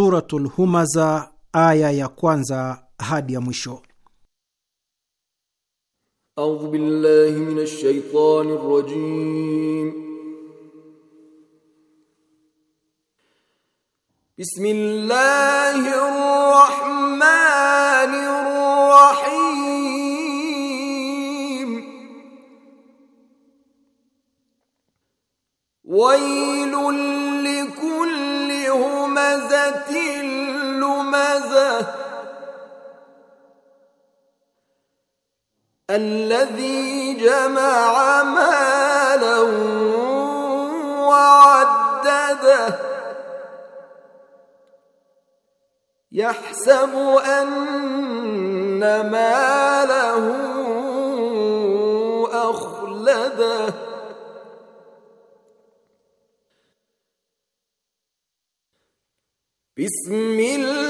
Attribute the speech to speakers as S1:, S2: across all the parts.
S1: Suratul Humaza aya ya kwanza hadi ya mwisho.
S2: A'udhu billahi minash shaitani rrajim. Bismillahir rahmanir rahim. Wailul لُّمَزَةٍ الَّذِي جَمَعَ مَالًا وَعَدَّدَهُ يَحْسَبُ أَنَّ مَالَهُ أَخْلَدَهُ بسم الله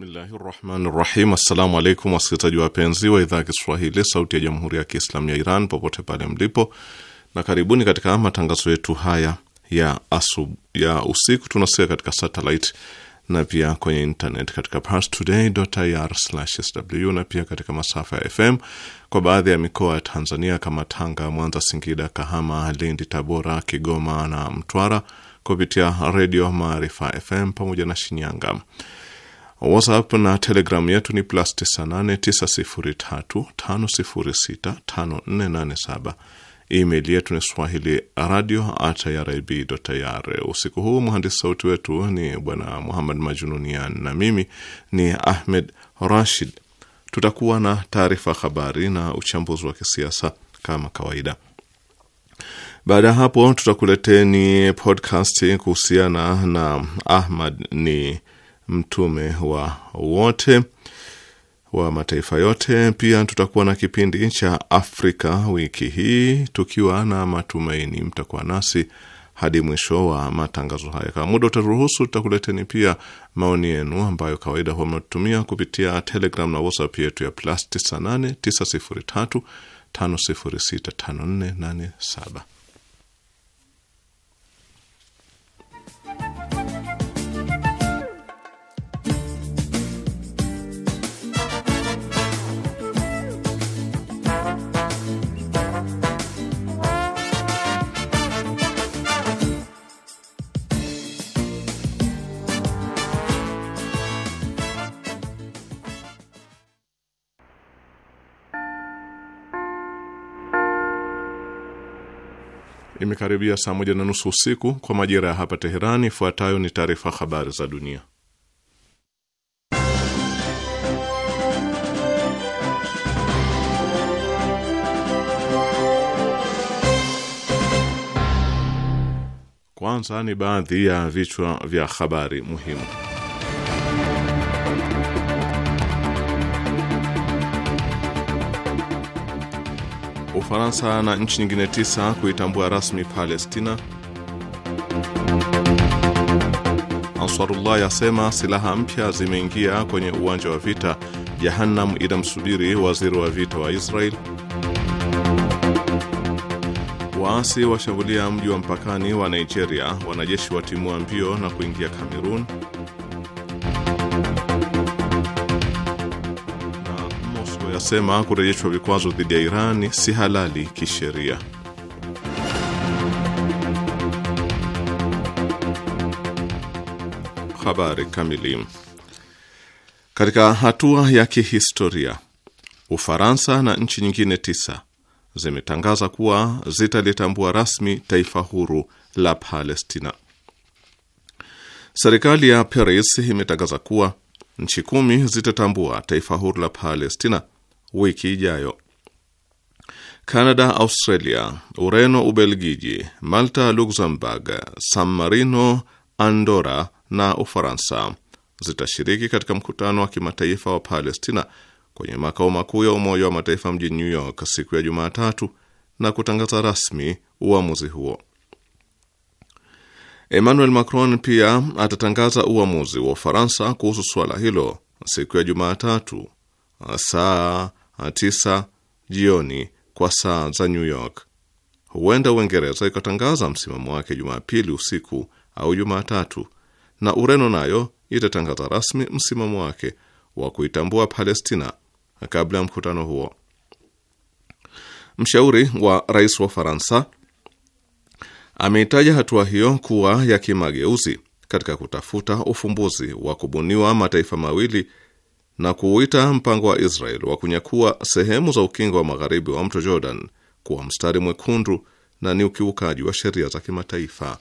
S3: Bismillahi rahmani rahim. Assalamu alaikum wasikilizaji wapenzi wa idhaa ya Kiswahili sauti ya jamhuri ya Kiislamu ya Iran popote pale mlipo, na karibuni katika matangazo yetu haya ya asub, ya usiku. Tunasikia katika satellite na pia kwenye internet katika parstoday.ir/sw na pia katika masafa ya FM kwa baadhi ya mikoa ya Tanzania kama Tanga, Mwanza, Singida, Kahama, Lindi, Tabora, Kigoma na Mtwara kupitia redio Maarifa FM pamoja na Shinyanga. WhatsApp na Telegram yetu ni plus 989035065487. Email yetu ni swahili radio at irib.ir. Usiku huu mhandisi sauti wetu ni bwana Muhammad Majununian na mimi ni Ahmed Rashid. Tutakuwa na taarifa habari na uchambuzi wa kisiasa kama kawaida. Baada ya hapo, tutakuleteni podcast kuhusiana na Ahmad ni mtume wa wote wa mataifa yote. Pia tutakuwa na kipindi cha Afrika wiki hii, tukiwa na matumaini mtakuwa nasi hadi mwisho wa matangazo haya. Kama muda utaruhusu, tutakuleteni pia maoni yenu ambayo kawaida huwa mnatumia kupitia Telegram na WhatsApp yetu ya plus 98 903 5065487. imekaribia saa moja na nusu usiku kwa majira ya hapa Teherani. Ifuatayo ni taarifa habari za dunia. Kwanza ni baadhi ya vichwa vya habari muhimu. Ufaransa na nchi nyingine tisa kuitambua rasmi Palestina. Ansarullah yasema silaha mpya zimeingia kwenye uwanja wa vita. Jahannam inamsubiri waziri wa vita wa Israel. Waasi washambulia mji wa mpakani wa Nigeria. Wanajeshi watimua mbio na kuingia Kamerun. inasema kurejeshwa vikwazo dhidi ya Irani si halali kisheria. Habari kamili. Katika hatua ya kihistoria, Ufaransa na nchi nyingine tisa zimetangaza kuwa zitalitambua rasmi taifa huru la Palestina. Serikali ya Paris imetangaza kuwa nchi kumi zitatambua taifa huru la Palestina wiki ijayo. Canada, Australia, Ureno, Ubelgiji, Malta, Luxembourg, San Marino, Andora na Ufaransa zitashiriki katika mkutano wa kimataifa wa Palestina kwenye makao makuu ya Umoja wa Mataifa mjini New York siku ya Jumatatu na kutangaza rasmi uamuzi huo. Emmanuel Macron pia atatangaza uamuzi wa Ufaransa kuhusu suala hilo siku ya Jumatatu saa 9 jioni kwa saa za New York. Huenda Uingereza ikatangaza msimamo wake Jumapili usiku au Jumatatu, na Ureno nayo itatangaza rasmi msimamo wake wa kuitambua Palestina kabla ya mkutano huo. Mshauri wa rais wa Faransa ameitaja hatua hiyo kuwa ya kimageuzi katika kutafuta ufumbuzi wa kubuniwa mataifa mawili na kuuita mpango wa Israel wa kunyakua sehemu za ukingo wa magharibi wa mto Jordan kuwa mstari mwekundu na ni ukiukaji wa sheria za kimataifa.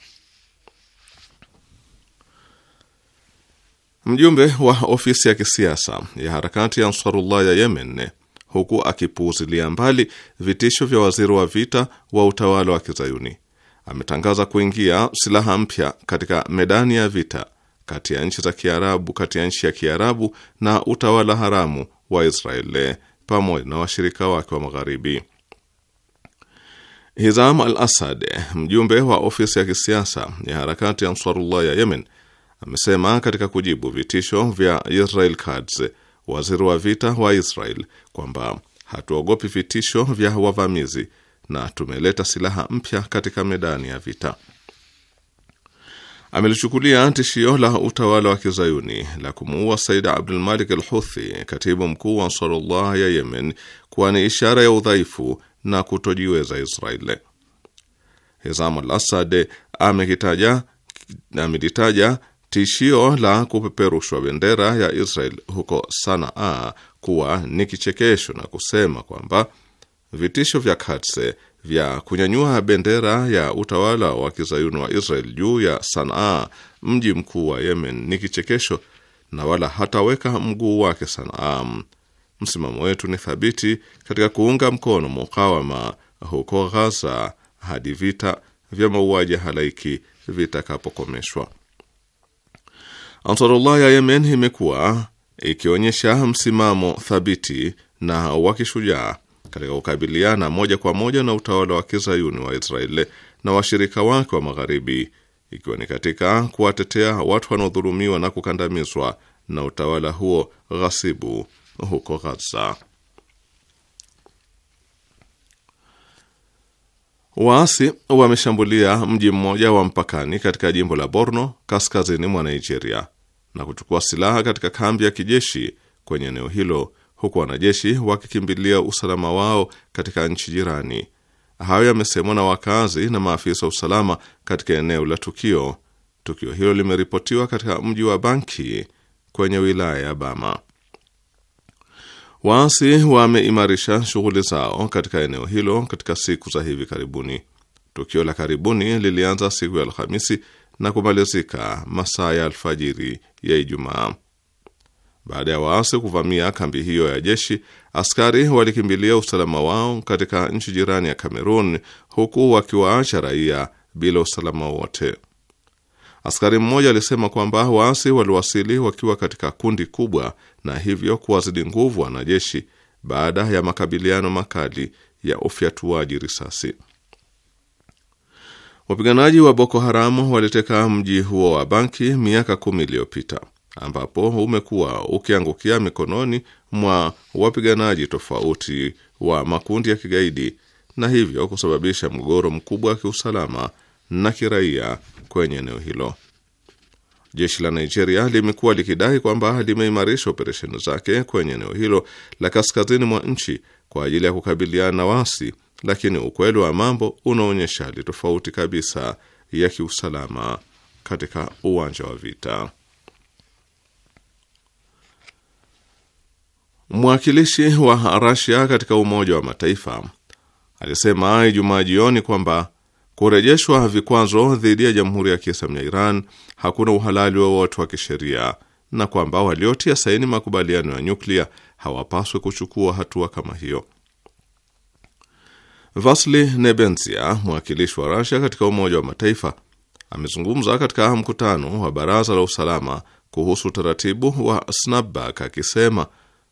S3: Mjumbe wa ofisi ya kisiasa ya harakati ya Ansarullah ya Yemen, huku akipuuzilia mbali vitisho vya waziri wa vita wa utawala wa Kizayuni, ametangaza kuingia silaha mpya katika medani ya vita kati ya nchi za Kiarabu, kati ya nchi ya Kiarabu na utawala haramu wa Israeli pamoja na washirika wake wa Magharibi. Hizam al Asad, mjumbe wa ofisi ya kisiasa ya harakati ya Ansarullah ya Yemen, amesema katika kujibu vitisho vya Israel Katz, waziri wa vita wa Israel, kwamba hatuogopi vitisho vya wavamizi na tumeleta silaha mpya katika medani ya vita amelichukulia tishio la utawala wa kizayuni la kumuua Said Abdulmalik al Huthi, katibu mkuu wa Ansarullah ya Yemen, kuwa ni ishara ya udhaifu na kutojiweza Israeli. Hizam al Asad amelitaja tishio la kupeperushwa bendera ya Israel huko Sanaa kuwa ni kichekesho na kusema kwamba vitisho vya Katse vya kunyanyua bendera ya utawala wa kizayuni wa Israel juu ya Sanaa, mji mkuu wa Yemen, ni kichekesho na wala hataweka mguu wake Sanaa. Msimamo wetu ni thabiti katika kuunga mkono mukawama huko Ghaza hadi vita vya mauaji halaiki vitakapokomeshwa. Ansarullah ya Yemen imekuwa ikionyesha msimamo thabiti na wa kishujaa katika kukabiliana moja kwa moja na utawala wa kizayuni wa Israeli na washirika wake wa magharibi, ikiwa ni katika kuwatetea watu wanaodhulumiwa na kukandamizwa na utawala huo ghasibu huko ghaza Waasi wameshambulia mji mmoja wa mpakani katika jimbo la Borno kaskazini mwa Nigeria na kuchukua silaha katika kambi ya kijeshi kwenye eneo hilo huku wanajeshi wakikimbilia usalama wao katika nchi jirani. Hayo yamesemwa na wakazi na maafisa wa usalama katika eneo la tukio. Tukio hilo limeripotiwa katika mji wa Banki kwenye wilaya ya Bama. Waasi wameimarisha shughuli zao katika eneo hilo katika siku za hivi karibuni. Tukio la karibuni lilianza siku ya Alhamisi na kumalizika masaa ya alfajiri ya Ijumaa. Baada ya waasi kuvamia kambi hiyo ya jeshi, askari walikimbilia usalama wao katika nchi jirani ya Kamerun, huku wakiwaacha raia bila usalama wote. Askari mmoja alisema kwamba waasi waliwasili wakiwa katika kundi kubwa na hivyo kuwazidi nguvu wanajeshi baada ya makabiliano makali ya ufyatuaji risasi. Wapiganaji wa Boko Haramu waliteka mji huo wa Banki miaka kumi iliyopita ambapo umekuwa ukiangukia mikononi mwa wapiganaji tofauti wa makundi ya kigaidi na hivyo kusababisha mgogoro mkubwa wa kiusalama na kiraia kwenye eneo hilo. Jeshi la Nigeria limekuwa likidai kwamba limeimarisha operesheni zake kwenye eneo hilo la kaskazini mwa nchi kwa ajili ya kukabiliana na wasi, lakini ukweli wa mambo unaonyesha hali tofauti kabisa ya kiusalama katika uwanja wa vita. Mwakilishi wa Rasia katika Umoja wa Mataifa alisema Ijumaa jioni kwamba kurejeshwa vikwazo dhidi ya Jamhuri ya Kiislamu ya Iran hakuna uhalali wowote wa, wa kisheria na kwamba waliotia saini makubaliano ya nyuklia hawapaswi kuchukua hatua kama hiyo. Vasily Nebenzia, mwakilishi wa Rasia katika Umoja wa Mataifa, amezungumza katika mkutano wa Baraza la Usalama kuhusu utaratibu wa snapback akisema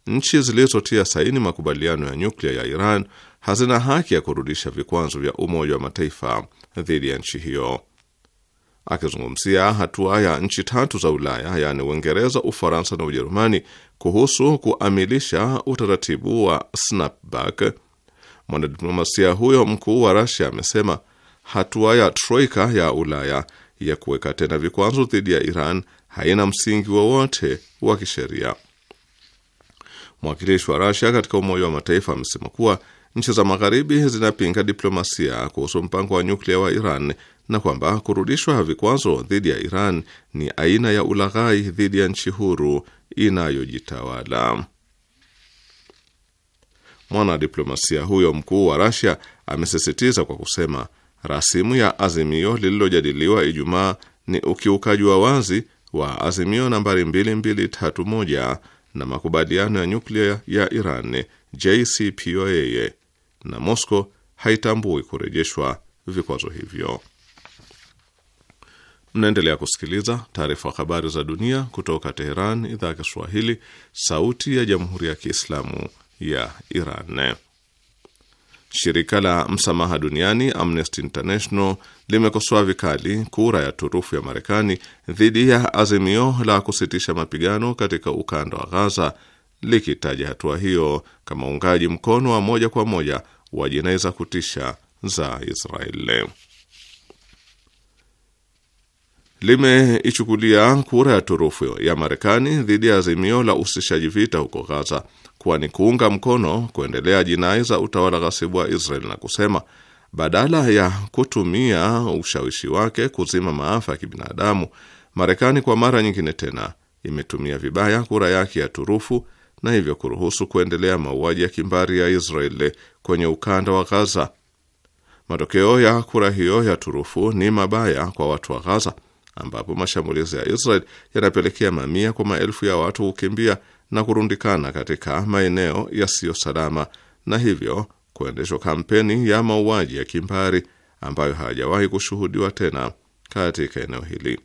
S3: nchi zilizotia saini makubaliano ya nyuklia ya Iran hazina haki ya kurudisha vikwazo vya Umoja wa Mataifa dhidi ya nchi hiyo. Akizungumzia hatua ya nchi tatu za Ulaya yaani Uingereza, Ufaransa na Ujerumani kuhusu kuamilisha utaratibu wa snapback, mwanadiplomasia huyo mkuu wa rasia amesema hatua ya troika ya Ulaya ya kuweka tena vikwazo dhidi ya Iran haina msingi wowote wa, wa kisheria. Mwakilishi wa Rasia katika Umoja wa Mataifa amesema kuwa nchi za Magharibi zinapinga diplomasia kuhusu mpango wa nyuklia wa Iran na kwamba kurudishwa vikwazo dhidi ya Iran ni aina ya ulaghai dhidi ya nchi huru inayojitawala. Mwanadiplomasia huyo mkuu wa Rasia amesisitiza kwa kusema rasimu ya azimio lililojadiliwa Ijumaa ni ukiukaji wa wazi wa azimio nambari 2231 na makubaliano ya nyuklia ya Iran JCPOA na Moscow haitambui kurejeshwa vikwazo hivyo. Mnaendelea kusikiliza taarifa habari za dunia kutoka Teheran, idhaa ya Kiswahili, sauti ya jamhuri ya kiislamu ya Iran. Shirika la msamaha duniani Amnesty International limekosoa vikali kura ya turufu ya Marekani dhidi ya azimio la kusitisha mapigano katika ukanda wa Gaza, likitaja hatua hiyo kama uungaji mkono wa moja kwa moja wa jinai za kutisha za Israeli limeichukulia kura ya turufu ya Marekani dhidi ya azimio la usitishaji vita huko Gaza kuwa ni kuunga mkono kuendelea jinai za utawala ghasibu wa Israel na kusema badala ya kutumia ushawishi wake kuzima maafa ya kibinadamu, Marekani kwa mara nyingine tena imetumia vibaya kura yake ya turufu na hivyo kuruhusu kuendelea mauaji ya kimbari ya Israeli kwenye ukanda wa Gaza. Matokeo ya kura hiyo ya turufu ni mabaya kwa watu wa Gaza ambapo mashambulizi ya Israel yanapelekea mamia kwa maelfu ya watu kukimbia na kurundikana katika maeneo yasiyo salama na hivyo kuendeshwa kampeni ya mauaji ya kimbari ambayo hayajawahi kushuhudiwa tena katika eneo hili.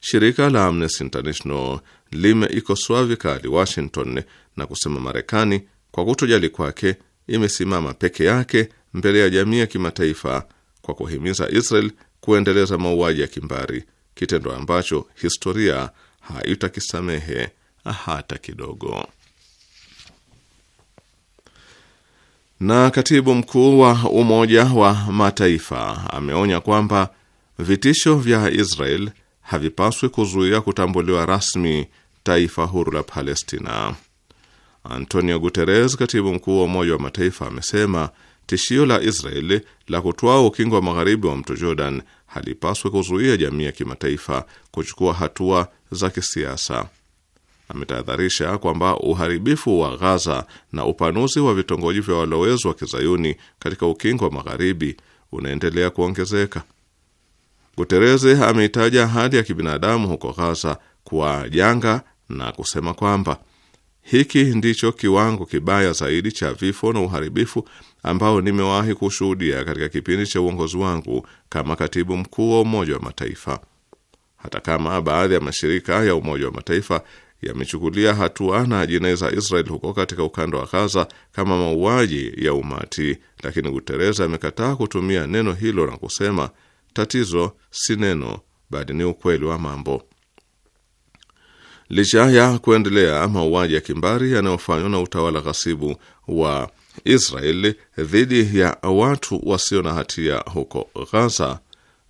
S3: Shirika la Amnesty International limeikosoa vikali Washington na kusema Marekani kwa kutojali kwake imesimama peke yake mbele ya jamii ya kimataifa kwa kuhimiza Israel kuendeleza mauaji ya kimbari, kitendo ambacho historia haitakisamehe hata kidogo. Na katibu mkuu wa Umoja wa Mataifa ameonya kwamba vitisho vya Israel havipaswi kuzuia kutambuliwa rasmi taifa huru la Palestina. Antonio Guterres, katibu mkuu wa Umoja wa Mataifa, amesema tishio la Israeli la kutoa ukingo wa magharibi wa mto Jordan halipaswi kuzuia jamii ya kimataifa kuchukua hatua za kisiasa. Ametahadharisha kwamba uharibifu wa Ghaza na upanuzi wa vitongoji vya walowezi wa kizayuni katika ukingo wa magharibi unaendelea kuongezeka. Gutereze ameitaja hali ya kibinadamu huko Ghaza kuwa janga na kusema kwamba hiki ndicho kiwango kibaya zaidi cha vifo na uharibifu ambao nimewahi kushuhudia katika kipindi cha uongozi wangu kama katibu mkuu wa Umoja wa Mataifa. Hata kama baadhi ya mashirika ya Umoja wa Mataifa yamechukulia hatua na jinai za Israel huko katika ukanda wa Gaza kama mauaji ya umati, lakini Guterres amekataa kutumia neno hilo na kusema tatizo si neno, bali ni ukweli wa mambo. Licha ya kuendelea mauaji ya kimbari yanayofanywa na utawala ghasibu wa Israel dhidi ya watu wasio na hatia huko Ghaza,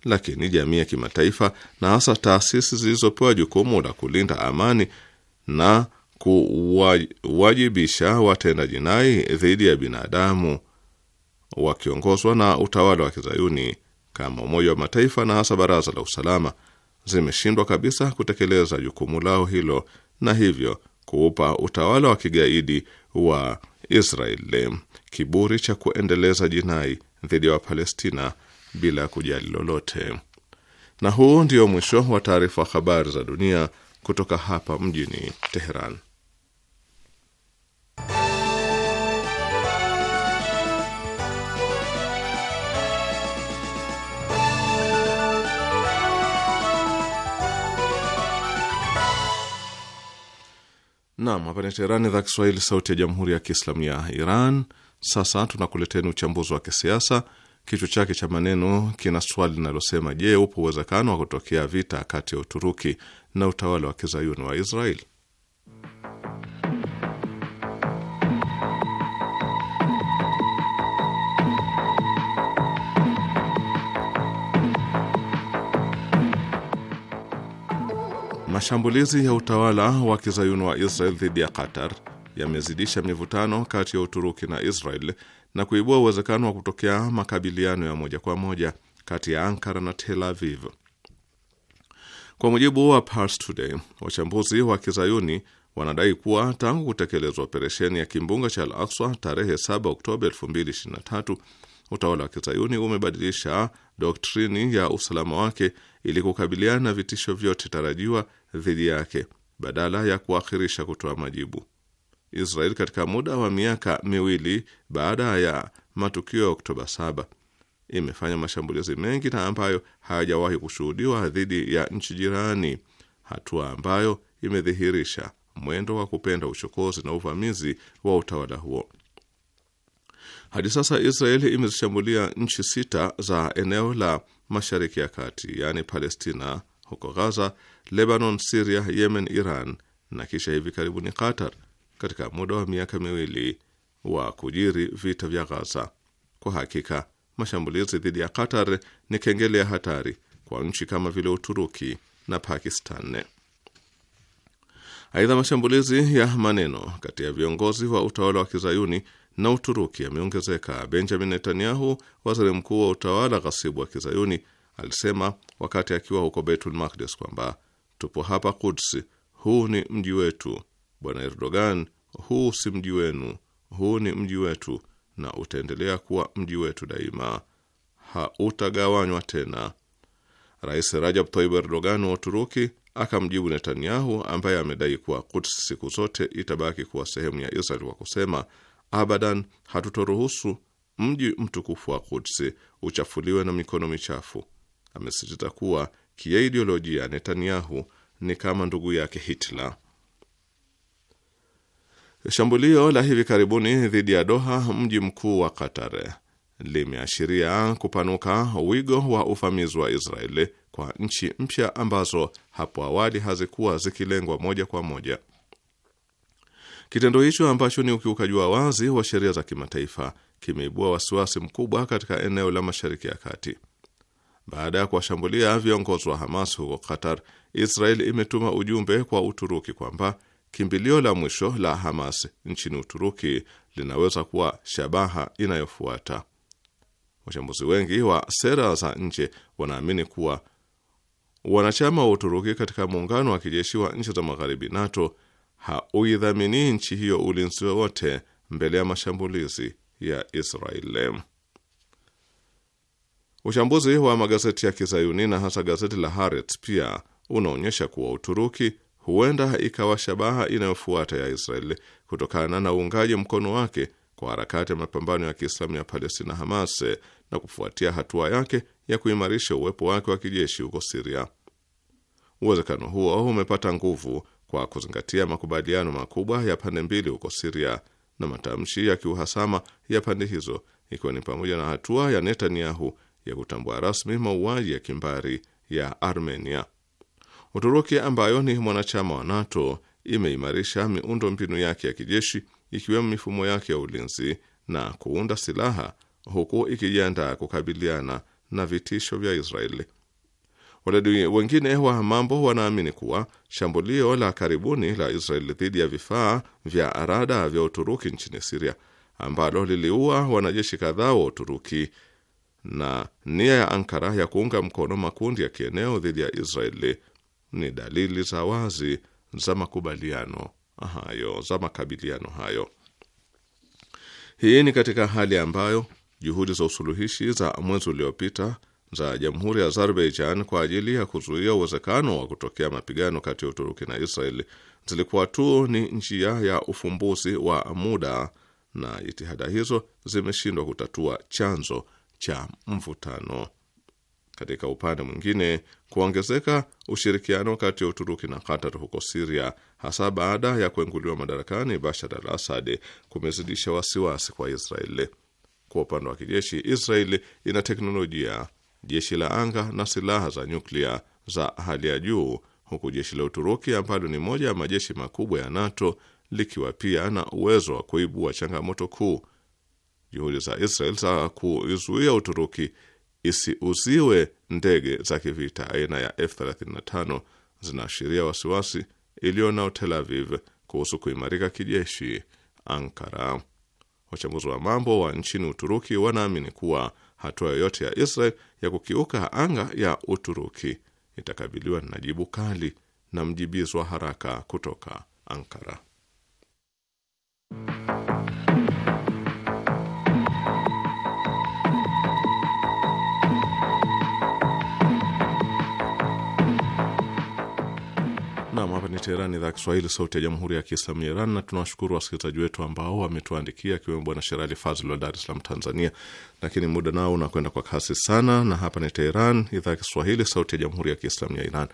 S3: lakini jamii ya kimataifa na hasa taasisi zilizopewa jukumu la kulinda amani na kuwajibisha watenda jinai dhidi ya binadamu wakiongozwa na utawala wa kizayuni kama Umoja wa Mataifa na hasa Baraza la Usalama zimeshindwa kabisa kutekeleza jukumu lao hilo na hivyo kuupa utawala wa kigaidi wa Israeli kiburi cha kuendeleza jinai dhidi ya Wapalestina bila ya kujali lolote. Na huu ndio mwisho wa taarifa habari za dunia kutoka hapa mjini Teheran. Nam, hapa ni Teherani, idhaa Kiswahili, sauti ya jamhuri ya kiislamu ya Iran. Sasa tunakuleteni uchambuzi wa kisiasa, kichwa chake cha maneno kina swali linalosema: Je, upo uwezekano wa kutokea vita kati ya Uturuki na utawala wa kizayuni wa Israeli? Mashambulizi ya utawala wa kizayuni wa Israel dhidi ya Qatar yamezidisha mivutano kati ya Uturuki na Israel na kuibua uwezekano wa kutokea makabiliano ya moja kwa moja kati ya Ankara na Tel Aviv. Kwa mujibu wa Pars Today, wachambuzi wa kizayuni wanadai kuwa tangu kutekelezwa operesheni ya kimbunga cha Al Akswa tarehe 7 Oktoba 2023 utawala wa kizayuni umebadilisha doktrini ya usalama wake ili kukabiliana na vitisho vyote tarajiwa dhidi yake badala ya kuakhirisha kutoa majibu. Israel katika muda wa miaka miwili baada ya matukio ya Oktoba saba imefanya mashambulizi mengi na ambayo hayajawahi kushuhudiwa dhidi ya nchi jirani, hatua ambayo imedhihirisha mwendo wa kupenda uchokozi na uvamizi wa utawala huo. Hadi sasa israel imezishambulia nchi sita za eneo la Mashariki ya Kati, yaani Palestina, huko Gaza, Lebanon, Siria, Yemen, Iran na kisha hivi karibuni Qatar, katika muda wa miaka miwili wa kujiri vita vya Gaza. Kwa hakika mashambulizi dhidi ya Qatar ni kengele ya hatari kwa nchi kama vile Uturuki na Pakistan. Aidha, mashambulizi ya maneno kati ya viongozi wa utawala wa kizayuni na Uturuki yameongezeka. Benjamin Netanyahu, waziri mkuu wa utawala ghasibu wa kizayuni alisema wakati akiwa huko Beitul Makdis kwamba tupo hapa Kudsi, huu ni mji wetu. Bwana Erdogan, huu si mji wenu, huu ni mji wetu na utaendelea kuwa mji wetu daima, hautagawanywa tena. Rais Rajab Tayyip Erdogan wa Uturuki akamjibu Netanyahu ambaye amedai kuwa Quds siku zote itabaki kuwa sehemu ya Israel kwa kusema, abadan, hatutoruhusu mji mtukufu wa Kudsi uchafuliwe na mikono michafu amesisitiza kuwa kiideolojia Netanyahu ni kama ndugu yake Hitler. Shambulio la hivi karibuni dhidi ya Doha, mji mkuu wa Qatar, limeashiria kupanuka wigo wa uvamizi wa Israeli kwa nchi mpya ambazo hapo awali hazikuwa zikilengwa moja kwa moja. Kitendo hicho ambacho ni ukiukaji wa wazi wa sheria za kimataifa kimeibua wasiwasi mkubwa katika eneo la Mashariki ya Kati. Baada ya kuwashambulia viongozi wa Hamas huko Qatar, Israel imetuma ujumbe kwa Uturuki kwamba kimbilio la mwisho la Hamas nchini Uturuki linaweza kuwa shabaha inayofuata. Wachambuzi wengi wa sera za nje wanaamini kuwa wanachama wa Uturuki katika muungano wa kijeshi wa nchi za magharibi NATO hauidhaminii nchi hiyo ulinzi wowote mbele ya mashambulizi ya Israeli. Uchambuzi wa magazeti ya kizayuni na hasa gazeti la Haaretz pia unaonyesha kuwa Uturuki huenda ikawa shabaha inayofuata ya Israeli kutokana na uungaji mkono wake kwa harakati ya mapambano ya Kiislamu ya Palestina, Hamas, na kufuatia hatua yake ya kuimarisha uwepo wake wa kijeshi huko Siria. Uwezekano huo umepata nguvu kwa kuzingatia makubaliano makubwa ya pande mbili huko Siria na matamshi ya kiuhasama ya pande hizo, ikiwa ni pamoja na hatua ya Netanyahu ya kutambua rasmi mauaji ya kimbari ya Armenia. Uturuki ambayo ni mwanachama wa NATO imeimarisha miundo mbinu yake ya kijeshi ikiwemo mifumo yake ya ulinzi na kuunda silaha huku ikijiandaa kukabiliana na vitisho vya Israeli. waledi wengine wa mambo wanaamini kuwa shambulio la karibuni la Israeli dhidi ya vifaa vya rada vya Uturuki nchini Siria ambalo liliua wanajeshi kadhaa wa Uturuki na nia ya Ankara ya kuunga mkono makundi ya kieneo dhidi ya Israeli ni dalili za wazi za makubaliano hayo za makabiliano hayo. Hii ni katika hali ambayo juhudi za usuluhishi za mwezi uliopita za jamhuri ya Azerbaijan kwa ajili ya kuzuia uwezekano wa kutokea mapigano kati ya Uturuki na Israeli zilikuwa tu ni njia ya ufumbuzi wa muda na jitihada hizo zimeshindwa kutatua chanzo cha mvutano. Katika upande mwingine, kuongezeka ushirikiano kati ya Uturuki na Qatar huko Siria, hasa baada ya kuenguliwa madarakani Bashar al Assad, kumezidisha wasiwasi kwa Israeli. Kwa upande wa kijeshi, Israeli ina teknolojia, jeshi la anga na silaha za nyuklia za hali ya juu, huku jeshi la Uturuki ambalo ni moja ya majeshi makubwa ya NATO likiwa pia na uwezo wa kuibua changamoto kuu juhudi za Israel za kuizuia Uturuki isiuziwe ndege za kivita aina ya F35 zinaashiria wasiwasi iliyo nao Tel Aviv kuhusu kuimarika kijeshi Ankara. Wachambuzi wa mambo wa nchini Uturuki wanaamini kuwa hatua yoyote ya Israel ya kukiuka anga ya Uturuki itakabiliwa na jibu kali na mjibizwa haraka kutoka Ankara. ni Teherani, idhaa Kiswahili, sauti ya jamhuri ya kiislamu ya Iran. Na tunawashukuru wasikilizaji wetu ambao wametuandikia, akiwemo bwana Sherali Fazl wa Dar es Salaam, Tanzania. Lakini muda nao unakwenda kwa kasi sana, na hapa ni Teheran, idhaa ya Kiswahili, sauti ya jamhuri ya kiislamu ya Iran.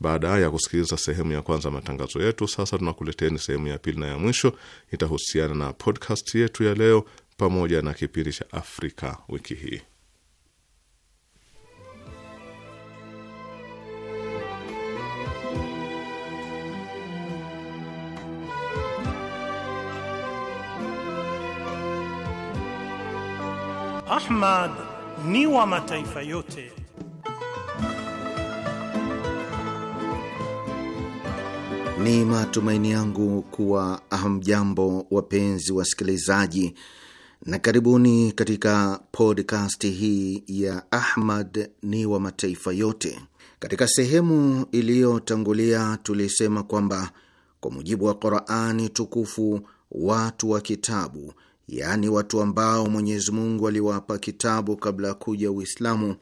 S3: Baada ya kusikiliza sehemu ya kwanza matangazo yetu, sasa tunakuleteeni sehemu ya pili na ya mwisho, itahusiana na podcast yetu ya leo pamoja na kipindi cha Afrika wiki hii.
S4: Ahmad ni wa mataifa yote.
S5: Ni matumaini yangu kuwa hamjambo, wapenzi wasikilizaji, na karibuni katika podcast hii ya Ahmad ni wa mataifa yote. Katika sehemu iliyotangulia tulisema kwamba kwa mujibu wa Qurani tukufu watu wa kitabu yaani watu ambao Mwenyezi Mungu aliwapa kitabu kabla ya kuja Uislamu,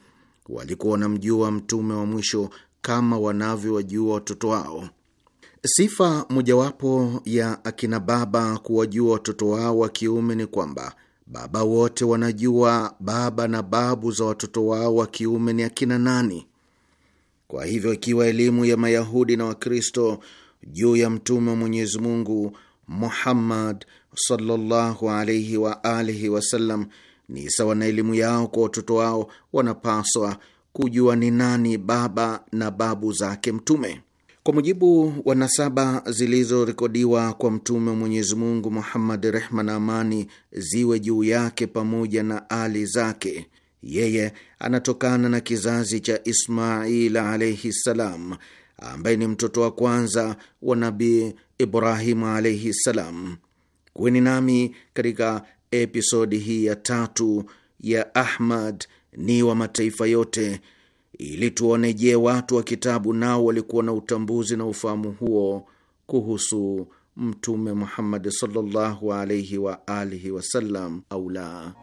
S5: walikuwa wanamjua mtume wa mwisho kama wanavyowajua watoto wao. Sifa mojawapo ya akina baba kuwajua watoto wao wa kiume ni kwamba baba wote wanajua baba na babu za watoto wao wa kiume ni akina nani. Kwa hivyo, ikiwa elimu ya Mayahudi na Wakristo juu ya mtume wa Mwenyezi Mungu Muhammad sallallahu alaihi wa alihi wasallam ni sawa na elimu yao kwa watoto wao, wanapaswa kujua ni nani baba na babu zake Mtume. Kwa mujibu wa nasaba zilizorekodiwa kwa Mtume wa Mwenyezi Mungu Muhammad, rehma na amani ziwe juu yake pamoja na ali zake, yeye anatokana na kizazi cha Ismail alaihi ssalam ambaye ni mtoto wa kwanza wa Nabii Ibrahimu alaihi ssalam. Kuweni nami katika episodi hii ya tatu ya Ahmad ni wa mataifa yote, ili tuone, je, watu wa kitabu nao walikuwa na utambuzi na ufahamu huo kuhusu Mtume Muhammad sallallahu alaihi wa alihi wasallam au la?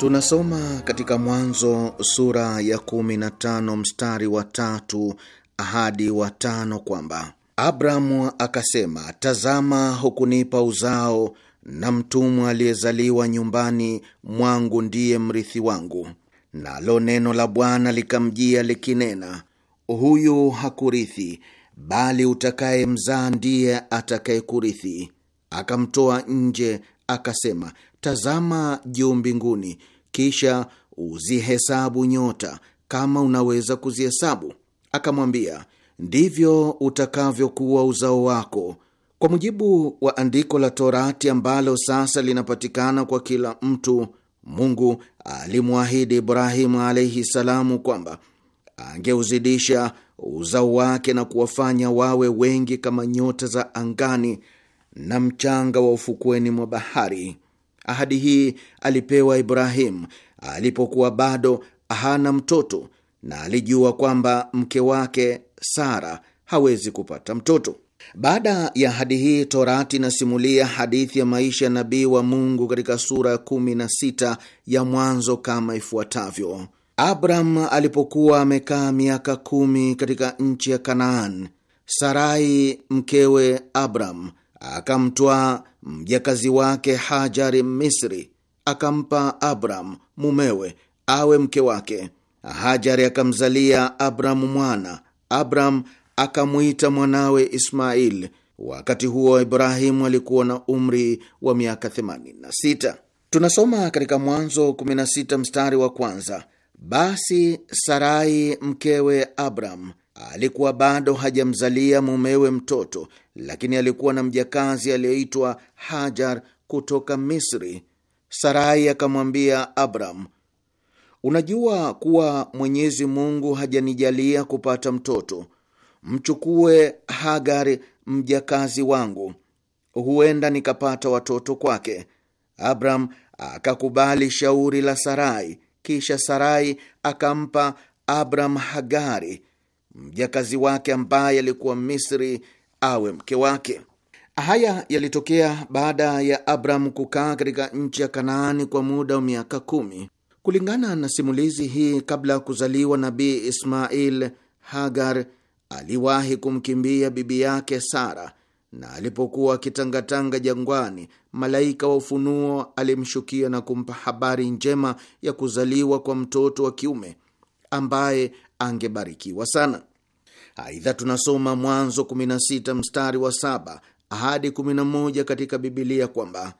S5: Tunasoma katika Mwanzo sura ya 15 mstari wa tatu hadi wa tano kwamba Abrahamu akasema, tazama, hukunipa uzao na mtumwa aliyezaliwa nyumbani mwangu ndiye mrithi wangu. Nalo neno la Bwana likamjia likinena, huyu hakurithi, bali utakayemzaa ndiye atakayekurithi. Akamtoa nje, akasema, tazama juu mbinguni kisha uzihesabu nyota kama unaweza kuzihesabu. Akamwambia, ndivyo utakavyokuwa uzao wako kwa mujibu wa andiko la Torati ambalo sasa linapatikana kwa kila mtu. Mungu alimwahidi Ibrahimu alaihi salamu kwamba angeuzidisha uzao wake na kuwafanya wawe wengi kama nyota za angani na mchanga wa ufukweni mwa bahari. Ahadi hii alipewa ibrahimu alipokuwa bado hana mtoto na alijua kwamba mke wake Sara hawezi kupata mtoto. Baada ya ahadi hii, Torati inasimulia hadithi ya maisha ya nabii wa Mungu katika sura ya 16 ya Mwanzo kama ifuatavyo: Abram alipokuwa amekaa miaka kumi katika nchi ya Kanaan, Sarai mkewe Abram akamtwaa mjakazi wake Hajari Misri akampa Abram mumewe awe mke wake. Hajari akamzalia Abram mwana. Abram akamwita mwanawe Ismail. Wakati huo Ibrahimu alikuwa na umri wa miaka 86. Tunasoma katika Mwanzo 16 mstari wa kwanza, basi Sarai mkewe Abram alikuwa bado hajamzalia mumewe mtoto, lakini alikuwa na mjakazi aliyeitwa Hajar kutoka Misri. Sarai akamwambia Abram, unajua kuwa Mwenyezi Mungu hajanijalia kupata mtoto. Mchukue hagar mjakazi wangu, huenda nikapata watoto kwake. Abram akakubali shauri la Sarai. Kisha Sarai akampa Abram Hagari mjakazi wake ambaye alikuwa Misri awe mke wake. Haya yalitokea baada ya Abram kukaa katika nchi ya Kanaani kwa muda wa miaka kumi. Kulingana na simulizi hii, kabla ya kuzaliwa Nabii Ismail, Hagar aliwahi kumkimbia bibi yake Sara, na alipokuwa akitangatanga jangwani, malaika wa ufunuo alimshukia na kumpa habari njema ya kuzaliwa kwa mtoto wa kiume ambaye angebarikiwa sana. Aidha, tunasoma Mwanzo 16 mstari wa 7 hadi 11 katika Bibilia kwamba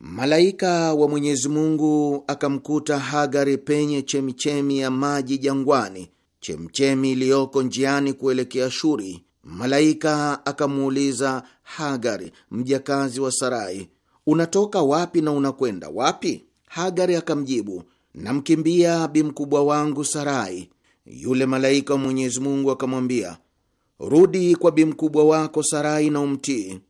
S5: malaika wa Mwenyezi Mungu akamkuta Hagari penye chemichemi ya maji jangwani, chemchemi iliyoko njiani kuelekea Shuri. Malaika akamuuliza Hagari, mjakazi wa Sarai, unatoka wapi na unakwenda wapi? Hagari akamjibu, namkimbia bi mkubwa wangu Sarai. Yule malaika wa Mwenyezi Mungu akamwambia, rudi kwa bi mkubwa wako Sarai na umtii.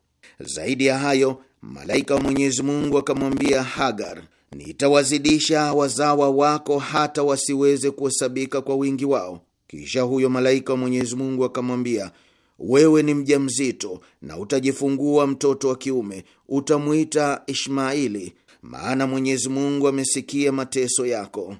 S5: Zaidi ya hayo, malaika wa Mwenyezi Mungu akamwambia Hagar, nitawazidisha wazawa wako hata wasiweze kuhesabika kwa wingi wao. Kisha huyo malaika wa Mwenyezi Mungu akamwambia, wewe ni mja mzito na utajifungua mtoto wa kiume, utamwita Ishmaili maana Mwenyezi Mungu amesikia mateso yako.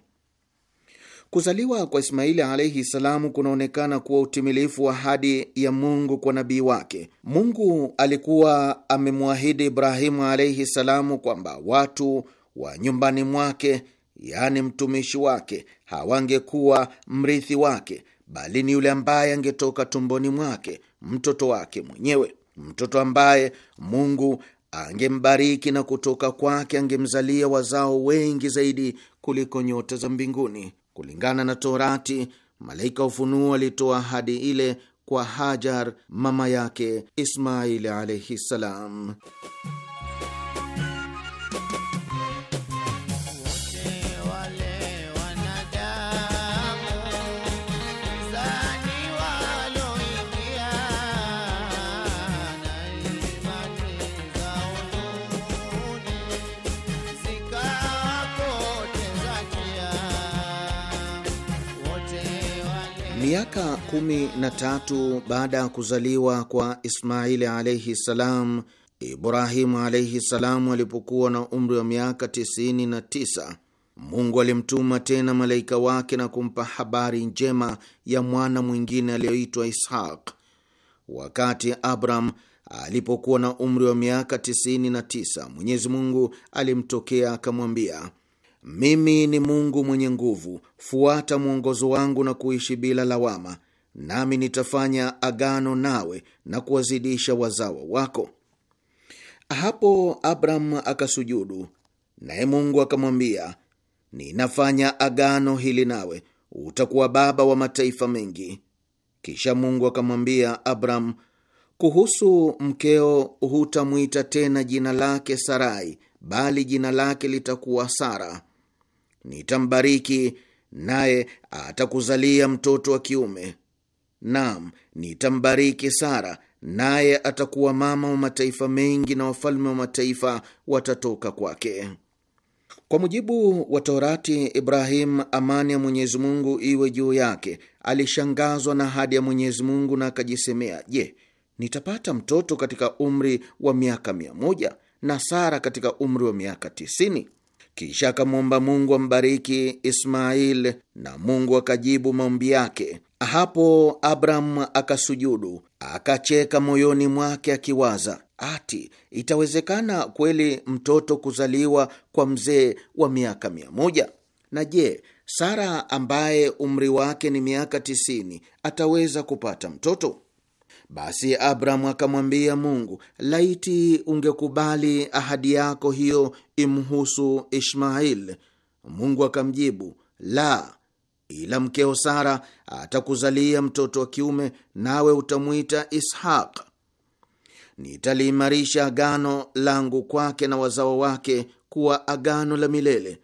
S5: Kuzaliwa kwa Ismaili alaihi salamu kunaonekana kuwa utimilifu wa ahadi ya Mungu kwa nabii wake. Mungu alikuwa amemwahidi Ibrahimu alaihi salamu kwamba watu wa nyumbani mwake, yaani mtumishi wake, hawangekuwa mrithi wake, bali ni yule ambaye angetoka tumboni mwake, mtoto wake mwenyewe, mtoto ambaye Mungu angembariki na kutoka kwake angemzalia wazao wengi zaidi kuliko nyota za mbinguni. Kulingana na Torati, malaika ufunuo alitoa ahadi ile kwa Hajar mama yake Ismaili alaihi ssalam. Miaka kumi na tatu baada ya kuzaliwa kwa Ismaili alaihi ssalam, Ibrahimu alaihi ssalamu alipokuwa na umri wa miaka 99 Mungu alimtuma tena malaika wake na kumpa habari njema ya mwana mwingine aliyoitwa Ishaq. Wakati Abram alipokuwa na umri wa miaka 99, Mwenyezi Mungu alimtokea akamwambia mimi ni Mungu mwenye nguvu, fuata mwongozo wangu na kuishi bila lawama, nami nitafanya agano nawe na kuwazidisha wazawa wako. Hapo Abram akasujudu, naye Mungu akamwambia, ninafanya agano hili nawe, utakuwa baba wa mataifa mengi. Kisha Mungu akamwambia Abram, kuhusu mkeo hutamwita tena jina lake Sarai, bali jina lake litakuwa Sara nitambariki naye atakuzalia mtoto wa kiume. Naam, nitambariki Sara naye atakuwa mama wa mataifa mengi, na wafalme wa mataifa watatoka kwake. Kwa mujibu wa Taurati, Ibrahim, amani ya Mwenyezi Mungu iwe juu yake, alishangazwa na hadi ya Mwenyezi Mungu na akajisemea, je, nitapata mtoto katika umri wa miaka mia moja na Sara katika umri wa miaka tisini? Kisha akamwomba Mungu ambariki Ismail na Mungu akajibu maombi yake. Hapo Abram akasujudu, akacheka moyoni mwake akiwaza, ati itawezekana kweli mtoto kuzaliwa kwa mzee wa miaka mia moja? Na je, Sara ambaye umri wake ni miaka tisini ataweza kupata mtoto? Basi abrahamu akamwambia Mungu, laiti ungekubali ahadi yako hiyo imhusu Ishmail. Mungu akamjibu, la, ila mkeo Sara atakuzalia mtoto wa kiume, nawe utamwita Ishaq. Nitaliimarisha agano langu kwake na wazao wake kuwa agano la milele.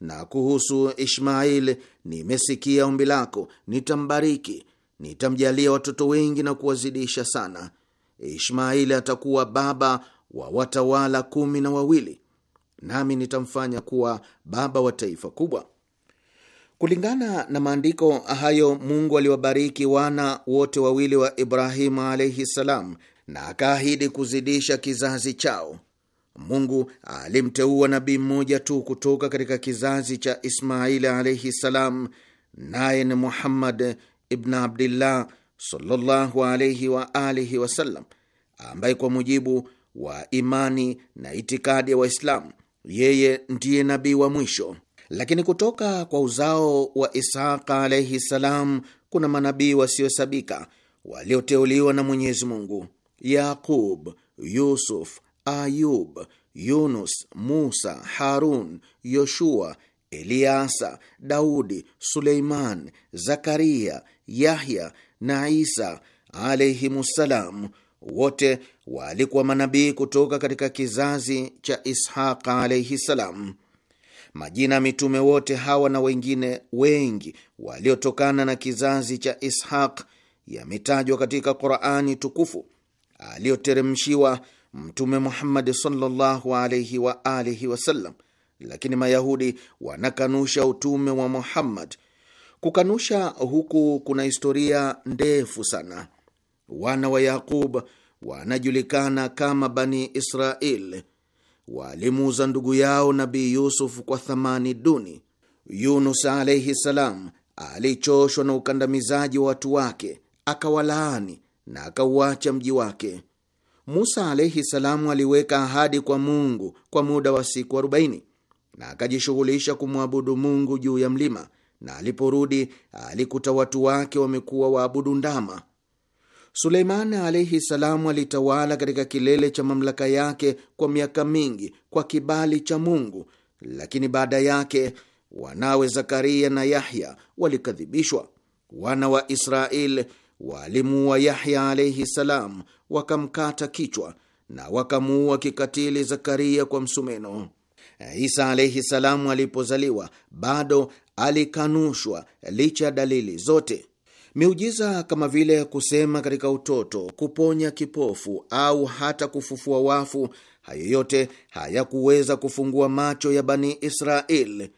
S5: Na kuhusu Ishmail, nimesikia ombi lako, nitambariki nitamjalia watoto wengi na kuwazidisha sana. Ishmaili atakuwa baba wa watawala kumi na wawili, nami nitamfanya kuwa baba wa taifa kubwa. Kulingana na maandiko hayo, Mungu aliwabariki wana wote wawili wa Ibrahimu alaihi salam na akaahidi kuzidisha kizazi chao. Mungu alimteua nabii mmoja tu kutoka katika kizazi cha Ismaili alaihi salam, naye ni Muhammad ibn Abdillah sallallahu alaihi wa alihi wasallam, ambaye kwa mujibu wa imani na itikadi ya wa Waislamu yeye ndiye nabii wa mwisho. Lakini kutoka kwa uzao wa Ishaqa alaihi salam kuna manabii wasiosabika walioteuliwa na Mwenyezi Mungu: Yaqub, Yusuf, Ayub, Yunus, Musa, Harun, Yoshua, Eliasa, Daudi, Suleiman, Zakariya, Yahya na Isa alaihimussalam, wote walikuwa manabii kutoka katika kizazi cha Ishaqa alaihi salam. Majina ya mitume wote hawa na wengine wengi waliotokana na kizazi cha Ishaq yametajwa katika Qurani tukufu aliyoteremshiwa Mtume Muhammad sallallahu alaihi wa alihi wasallam, lakini Mayahudi wanakanusha utume wa Muhammad Kukanusha huku kuna historia ndefu sana. Wana wa Yaqub wanajulikana kama Bani Israel. Walimuuza ndugu yao Nabii Yusuf kwa thamani duni. Yunus alaihi salam alichoshwa na ukandamizaji wa watu wake, akawalaani na akauacha mji wake. Musa alaihi salamu aliweka ahadi kwa Mungu kwa muda wa siku 40 na akajishughulisha kumwabudu Mungu juu ya mlima na aliporudi alikuta watu wake wamekuwa waabudu ndama. Suleiman alaihi salamu alitawala katika kilele cha mamlaka yake kwa miaka mingi kwa kibali cha Mungu, lakini baada yake wanawe Zakaria na Yahya walikadhibishwa. Wana wa Israel walimuua Yahya alaihi salam, wakamkata kichwa na wakamuua kikatili Zakaria kwa msumeno. Isa alaihi salamu alipozaliwa bado alikanushwa licha ya dalili zote. Miujiza kama vile kusema katika utoto, kuponya kipofu au hata kufufua wafu, hayo yote hayakuweza kufungua macho ya Bani Israel.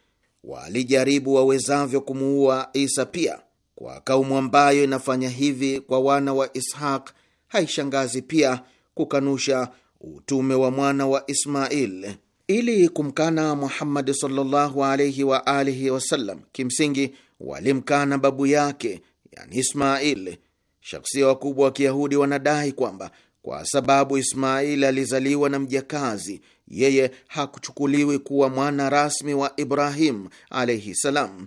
S5: Walijaribu wawezavyo kumuua Isa pia. Kwa kaumu ambayo inafanya hivi kwa wana wa Ishaq, haishangazi pia kukanusha utume wa mwana wa Ismail ili kumkana Muhammad sallallahu alaihi wa alihi wasallam. Kimsingi walimkana babu yake, yani Ismail. Shakhsia wakubwa wa Kiyahudi wanadai kwamba kwa sababu Ismail alizaliwa na mjakazi, yeye hakuchukuliwi kuwa mwana rasmi wa Ibrahim alaihi salam.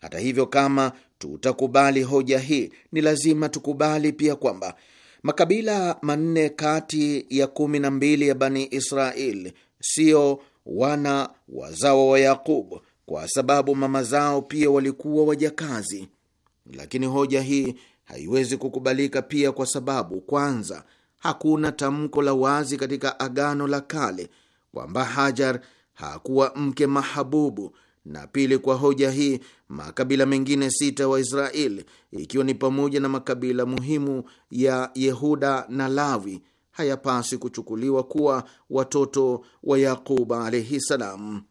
S5: Hata hivyo, kama tutakubali hoja hii, ni lazima tukubali pia kwamba makabila manne kati ya kumi na mbili ya Bani Israel sio wana wazao wa Yaqubu, kwa sababu mama zao pia walikuwa wajakazi. Lakini hoja hii haiwezi kukubalika pia kwa sababu kwanza, hakuna tamko la wazi katika Agano la Kale kwamba Hajar hakuwa mke mahabubu, na pili, kwa hoja hii makabila mengine sita wa Israeli, ikiwa ni pamoja na makabila muhimu ya Yehuda na Lawi hayapasi kuchukuliwa kuwa watoto wa Yaquba alaihi salam,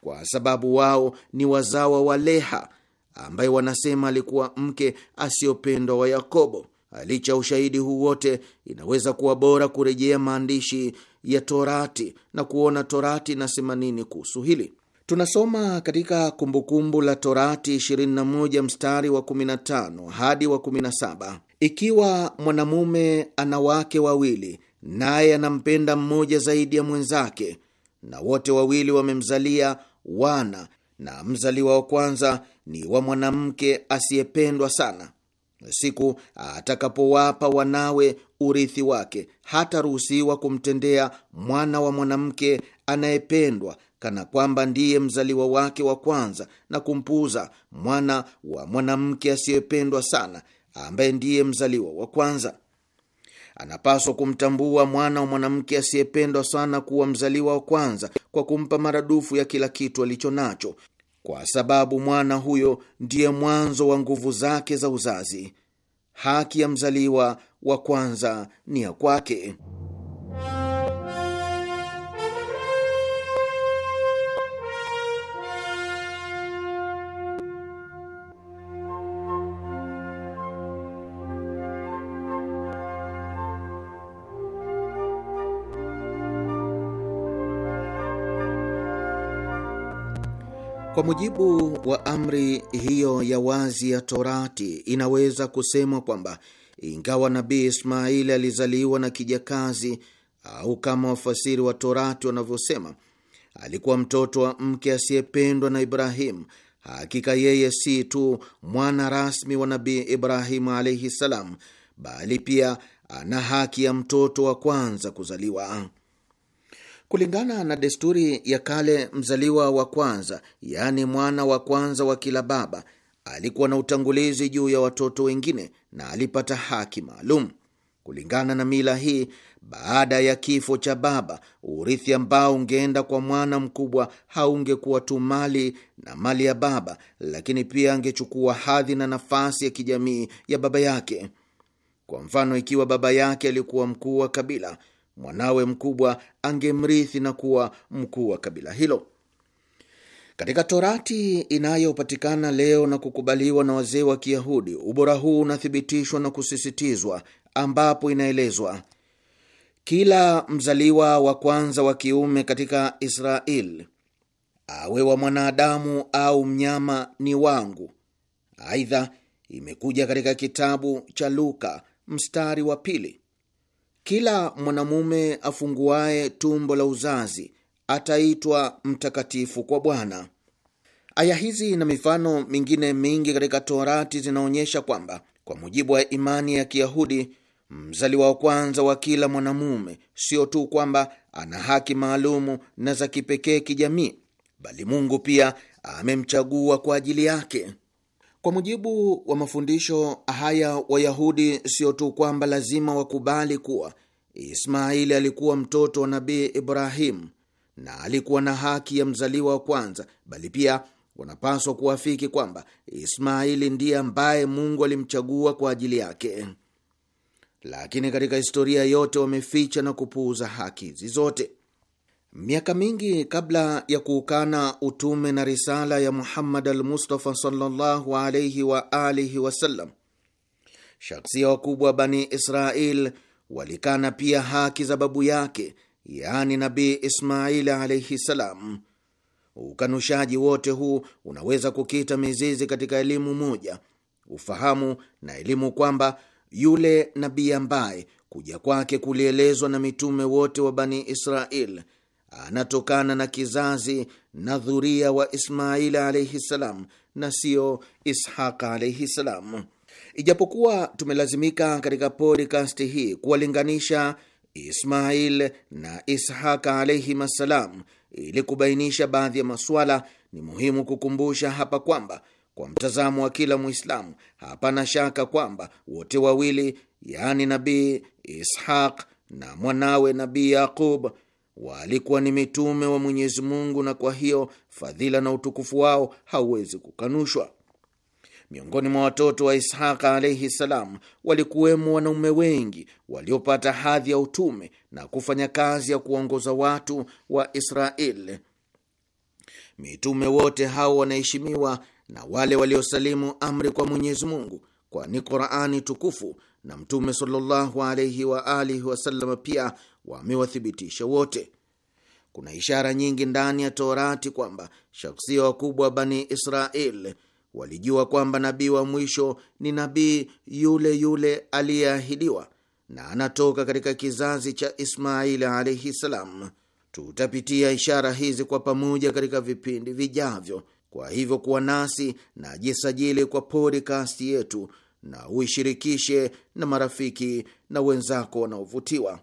S5: kwa sababu wao ni wazawa wa Leha ambaye wanasema alikuwa mke asiyopendwa wa Yakobo. Licha ushahidi huu wote, inaweza kuwa bora kurejea maandishi ya Torati na kuona Torati inasema nini kuhusu hili. Tunasoma katika Kumbukumbu kumbu la Torati 21 mstari wa 15 hadi wa 17: ikiwa mwanamume ana wake wawili naye anampenda mmoja zaidi ya mwenzake, na wote wawili wamemzalia wana, na mzaliwa wa kwanza ni wa mwanamke asiyependwa sana. Siku atakapowapa wanawe urithi wake, hataruhusiwa kumtendea mwana wa mwanamke anayependwa kana kwamba ndiye mzaliwa wake wa kwanza, na kumpuuza mwana wa mwanamke asiyependwa sana ambaye ndiye mzaliwa wa kwanza anapaswa kumtambua mwana wa mwanamke asiyependwa sana kuwa mzaliwa wa kwanza kwa kumpa maradufu ya kila kitu alicho nacho, kwa sababu mwana huyo ndiye mwanzo wa nguvu zake za uzazi. Haki ya mzaliwa wa kwanza ni ya kwake. Kwa mujibu wa amri hiyo ya wazi ya Torati, inaweza kusemwa kwamba ingawa Nabii Ismaili alizaliwa na kijakazi au kama wafasiri wa Torati wanavyosema alikuwa mtoto wa mke asiyependwa na Ibrahimu, hakika yeye si tu mwana rasmi wa Nabii Ibrahimu alaihi salam, bali pia ana haki ya mtoto wa kwanza kuzaliwa. Kulingana na desturi ya kale, mzaliwa wa kwanza, yaani mwana wa kwanza wa kila baba, alikuwa na utangulizi juu ya watoto wengine na alipata haki maalum. Kulingana na mila hii, baada ya kifo cha baba, urithi ambao ungeenda kwa mwana mkubwa haungekuwa tu mali na mali ya baba, lakini pia angechukua hadhi na nafasi ya kijamii ya baba yake. Kwa mfano, ikiwa baba yake alikuwa mkuu wa kabila mwanawe mkubwa angemrithi na kuwa mkuu wa kabila hilo. Katika Torati inayopatikana leo na kukubaliwa na wazee wa Kiyahudi, ubora huu unathibitishwa na kusisitizwa, ambapo inaelezwa kila mzaliwa wa kwanza wa kiume katika israel awe wa mwanadamu au mnyama, ni wangu. Aidha, imekuja katika kitabu cha Luka mstari wa pili kila mwanamume afunguaye tumbo la uzazi ataitwa mtakatifu kwa Bwana. Aya hizi na mifano mingine mingi katika Torati zinaonyesha kwamba kwa mujibu wa imani ya Kiyahudi, mzaliwa wa kwanza wa kila mwanamume sio tu kwamba ana haki maalumu na za kipekee kijamii, bali Mungu pia amemchagua kwa ajili yake. Kwa mujibu wa mafundisho haya, Wayahudi sio tu kwamba lazima wakubali kuwa Ismaili alikuwa mtoto wa Nabii Ibrahim na alikuwa na haki ya mzaliwa wa kwanza, bali pia wanapaswa kuafiki kwamba Ismaili ndiye ambaye Mungu alimchagua kwa ajili yake. Lakini katika historia yote wameficha na kupuuza haki hizi zote. Miaka mingi kabla ya kuukana utume na risala ya Muhammad al Mustafa sallallahu alaihi wa alihi wasallam, shakhsia wakubwa Bani Israil walikana pia haki za babu yake, yaani Nabii Ismail alaihi salam. Ukanushaji wote huu unaweza kukita mizizi katika elimu moja, ufahamu na elimu kwamba yule nabii ambaye kuja kwake kulielezwa na mitume wote wa Bani Israil anatokana na kizazi na dhuria wa Ismaili alaihi ssalam na siyo Ishaqa alaihi ssalam. Ijapokuwa tumelazimika katika podcast hii kuwalinganisha Ismail na Ishaqa alaihim assalam ili kubainisha baadhi ya masuala, ni muhimu kukumbusha hapa kwamba kwa mtazamo wa kila Mwislamu hapana shaka kwamba wote wawili, yaani Nabii Ishaq na mwanawe Nabii Yaqub walikuwa ni mitume wa Mwenyezi Mungu, na kwa hiyo fadhila na utukufu wao hauwezi kukanushwa. Miongoni mwa watoto wa Ishaqa alaihi salam walikuwemo wanaume wengi waliopata hadhi ya utume na kufanya kazi ya kuongoza watu wa israel Mitume wote hao wanaheshimiwa na wale waliosalimu amri kwa Mwenyezi Mungu, kwani Qurani tukufu na Mtume sallallahu alaihi waalihi wasallam pia wamewathibitisha wote. Kuna ishara nyingi ndani ya Torati kwamba shakhsia wakubwa wa Bani Israel walijua kwamba nabii wa mwisho ni nabii yule yule aliyeahidiwa na anatoka katika kizazi cha Ismaili alaihi salam. Tutapitia ishara hizi kwa pamoja katika vipindi vijavyo. Kwa hivyo kuwa nasi na jisajili kwa podikasti yetu na uishirikishe na marafiki na wenzako wanaovutiwa.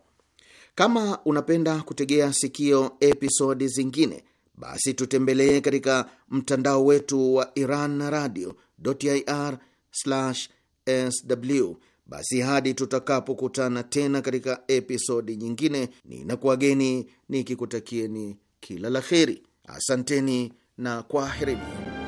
S5: Kama unapenda kutegea sikio episodi zingine, basi tutembelee katika mtandao wetu wa Iran radio ir sw. Basi hadi tutakapokutana tena katika episodi nyingine, ninakuwageni nikikutakieni kila la kheri. Asanteni na
S6: kwaherini.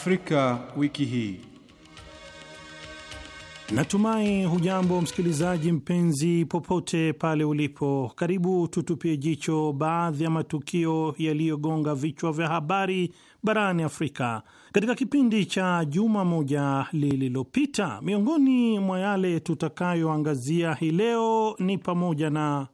S4: Afrika wiki hii. Natumai hujambo msikilizaji mpenzi, popote pale ulipo. Karibu tutupie jicho baadhi ya matukio yaliyogonga vichwa vya habari barani Afrika katika kipindi cha juma moja lililopita. Miongoni mwa yale tutakayoangazia hii leo ni pamoja na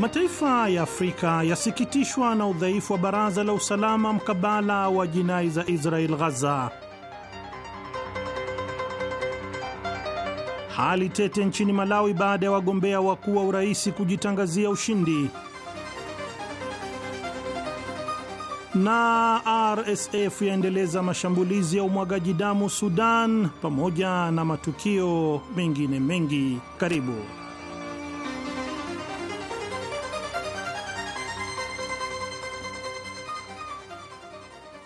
S4: Mataifa ya Afrika yasikitishwa na udhaifu wa Baraza la Usalama mkabala wa jinai za Israel Ghaza. Hali tete nchini Malawi baada ya wagombea wakuu wa urais kujitangazia ushindi. Na RSF yaendeleza mashambulizi ya umwagaji damu Sudan pamoja na matukio mengine mengi. Karibu.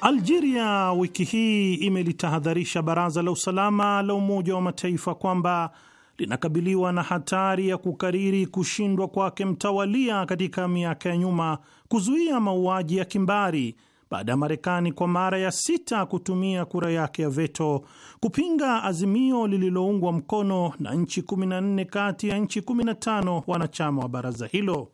S4: Algeria wiki hii imelitahadharisha Baraza la Usalama la Umoja wa Mataifa kwamba linakabiliwa na hatari ya kukariri kushindwa kwake mtawalia katika miaka ya nyuma kuzuia mauaji ya kimbari baada ya Marekani kwa mara ya sita kutumia kura yake ya veto kupinga azimio lililoungwa mkono na nchi 14 kati ya nchi 15 wanachama wa baraza hilo.